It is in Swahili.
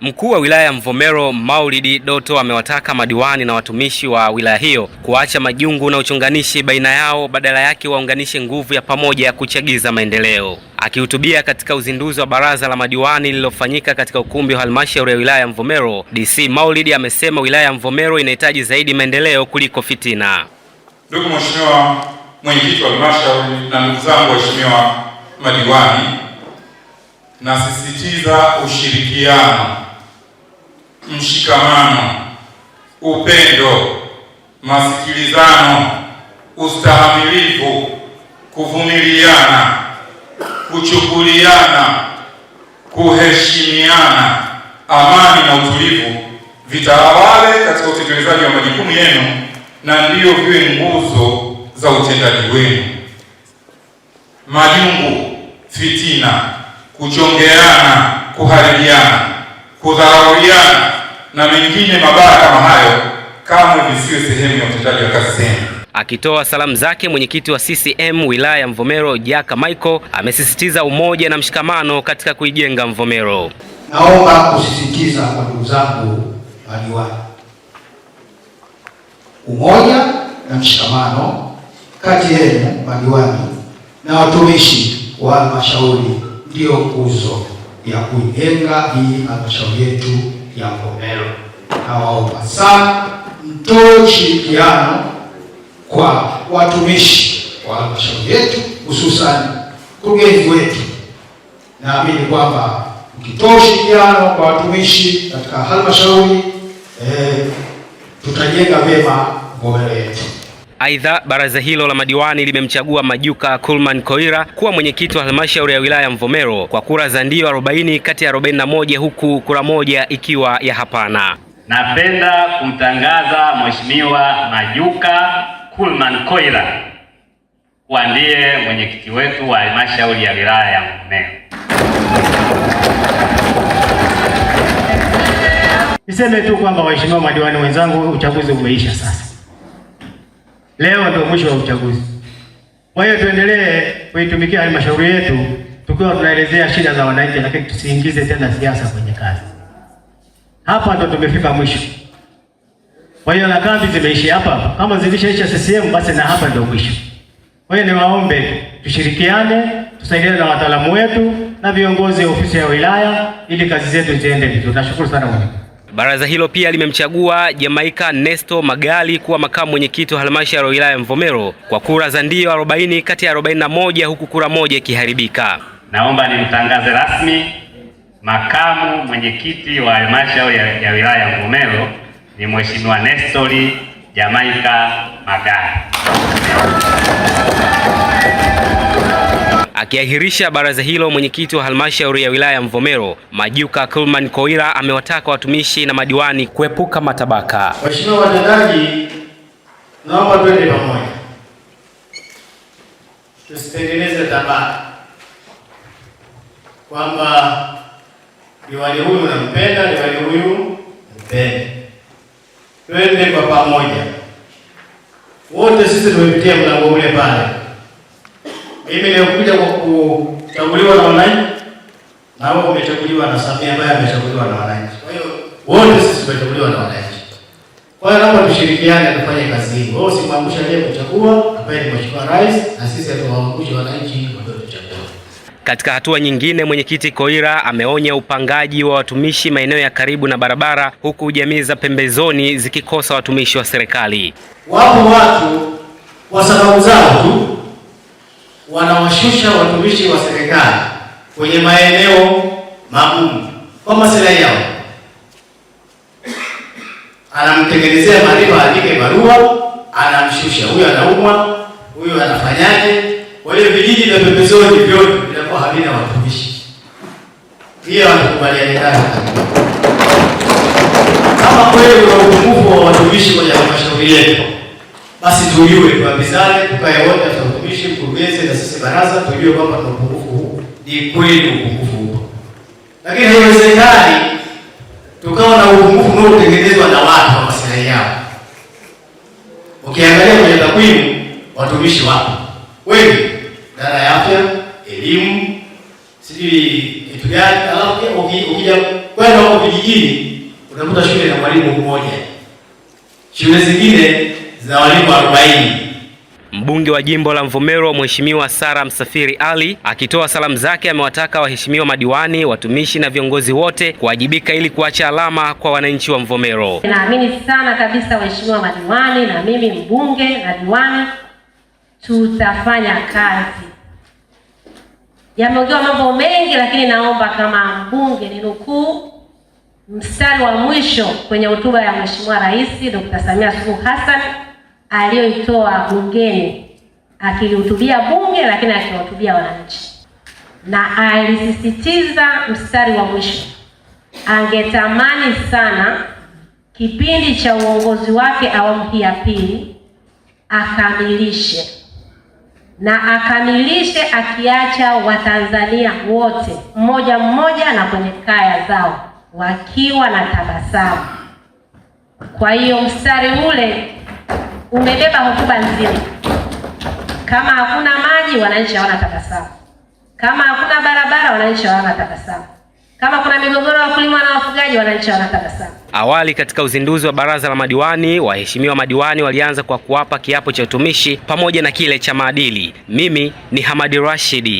Mkuu wa wilaya ya Mvomero Maulidi Doto amewataka madiwani na watumishi wa wilaya hiyo kuacha majungu na uchonganishi baina yao, badala yake waunganishe nguvu ya pamoja ya kuchagiza maendeleo. Akihutubia katika uzinduzi wa baraza la madiwani lililofanyika katika ukumbi wa halmashauri ya wilaya ya Mvomero, DC Maulidi amesema wilaya ya Mvomero inahitaji zaidi maendeleo kuliko fitina. Ndugu Mheshimiwa Mwenyekiti wa halmashauri na ndugu zangu waheshimiwa madiwani, nasisitiza ushirikiano mshikamano, upendo, masikilizano, ustahamilivu, kuvumiliana, kuchukuliana, kuheshimiana, amani na utulivu vitawale katika utekelezaji wa majukumu yenu na ndiyo viwe nguzo za utendaji wenu. Majungu, fitina, kuchongeana, kuharibiana kudharauliana na mengine mabaya kama hayo kamwe visiwe sehemu ya utendaji wa kazi zenu. Akitoa salamu zake mwenyekiti wa CCM wilaya ya Mvomero Jaka Michael amesisitiza umoja na mshikamano katika kuijenga Mvomero. Naomba kusisitiza kwa ndugu zangu madiwani, umoja na mshikamano kati yenu madiwani na watumishi wa halmashauri ndiyo nguzo ya kuijenga hii halmashauri yetu ya Mvomero. Nawaomba sana mtoe ushirikiano kwa watumishi wa halmashauri yetu, hususani mkurugenzi wetu. Naamini kwamba mkitoa ushirikiano kwa watumishi katika halmashauri eh, tutajenga vyema Mvomero yetu. Aidha, baraza hilo la madiwani limemchagua Majuka Kulman Koira kuwa mwenyekiti wa halmashauri ya wilaya ya Mvomero kwa kura za ndio 40 kati ya 41 huku kura moja ikiwa ya hapana. Napenda kumtangaza Mheshimiwa Majuka Kulman Koira kuwa ndiye mwenyekiti wetu wa halmashauri ya wilaya ya Mvomero. Niseme tu kwamba waheshimiwa madiwani wenzangu, uchaguzi umeisha sasa. Leo ndio mwisho wa uchaguzi. Kwa hiyo tuendelee kuitumikia halmashauri yetu tukiwa tunaelezea shida za wananchi, lakini tusiingize tena siasa kwenye kazi. Hapa ndo tumefika mwisho. Kwa hiyo na kambi zimeishia hapa, kama zilishaisha CCM basi na hapa ndio mwisho. Kwa hiyo niwaombe tushirikiane, tusaidiane na wataalamu wetu na viongozi wa ofisi ya wilaya ili kazi zetu ziende vizuri. Nashukuru sana. Baraza hilo pia limemchagua Jamaika Nesto Magali kuwa makamu mwenyekiti wa halmashauri ya wilaya ya Mvomero kwa kura za ndio 40 kati ya 41 huku kura moja ikiharibika. Naomba nimtangaze rasmi makamu mwenyekiti wa halmashauri ya wilaya ya Mvomero ni Mheshimiwa Nestori Jamaika Magali. Akiahirisha baraza hilo, mwenyekiti wa halmashauri ya wilaya ya Mvomero Majuka Kulman koira amewataka watumishi na madiwani kuepuka matabaka. Waheshimiwa watendaji, naomba twende pamoja, tusitengeneze tabaka kwamba diwani huyu nampenda, diwani huyu mpende. Twende kwa pamoja, wote sisi tumepitia mlango ule pale mimi nimekuja kwa kuchaguliwa na wananchi na wao umechaguliwa na Samia ambaye amechaguliwa na wananchi. Kwa hiyo wote sisi tumechaguliwa na wananchi. Kwa hiyo naomba tushirikiane tufanye kazi hii. Wao simwangusha yeye kuchagua ambaye ni Mheshimiwa Rais na sisi hatuwaangushi wananchi tuchagua. Katika hatua nyingine, mwenyekiti Koira ameonya upangaji wa watumishi maeneo ya karibu na barabara, huku jamii za pembezoni zikikosa watumishi wa serikali. Wapo watu kwa sababu zao tu wanawashusha watumishi wa serikali kwenye maeneo magumu kwa maslahi yao. Anamtengenezea mariba aandike barua, anamshusha huyo, anaumwa huyo, anafanyaje? Kwa hiyo vijiji vya pembezoni vyote vinakuwa havina watumishi. Hiyo hatukubaliani nayo. Kama kweli kuna upungufu wa watumishi kwenye halmashauri yetu, basi tujue, tuambizane, tukae wote mtumishi, mkurugenzi na sisi baraza tujue kwamba na upungufu huu. Ni kweli upungufu huu, lakini haiwezekani tukawa na upungufu unaotengenezwa na watu wa maslahi yao. Ukiangalia kwenye takwimu, watumishi wapo wengi, idara ya afya, elimu, sijui kitu gani, alafu ukija kwenda huko vijijini unakuta shule na mwalimu mmoja, shule zingine zina walimu arobaini. Mbunge wa jimbo la Mvomero Mheshimiwa Sara Msafiri Ali akitoa salamu zake amewataka waheshimiwa madiwani, watumishi na viongozi wote kuwajibika ili kuacha alama kwa wananchi wa Mvomero. Naamini sana kabisa waheshimiwa madiwani na mimi mbunge na diwani tutafanya kazi. Yameongewa mambo mengi, lakini naomba kama mbunge nukuu mstari wa mwisho kwenye hotuba ya Mheshimiwa Rais Dr. Samia Suluhu Hassan aliyoitoa bungeni akilihutubia bunge, lakini akiwahutubia wananchi, na alisisitiza mstari wa mwisho, angetamani sana kipindi cha uongozi wake awamu hii ya pili akamilishe na akamilishe akiacha Watanzania wote mmoja mmoja na kwenye kaya zao wakiwa na tabasamu. Kwa hiyo mstari ule umebeba hotuba nzima. Kama hakuna maji, wananchi hawana tabasamu. Kama hakuna barabara, wananchi hawana tabasamu. Kama kuna migogoro ya wakulima na wafugaji, wananchi hawana tabasamu. Awali katika uzinduzi wa baraza la madiwani, waheshimiwa madiwani walianza kwa kuwapa kiapo cha utumishi pamoja na kile cha maadili. Mimi ni Hamadi Rashidi.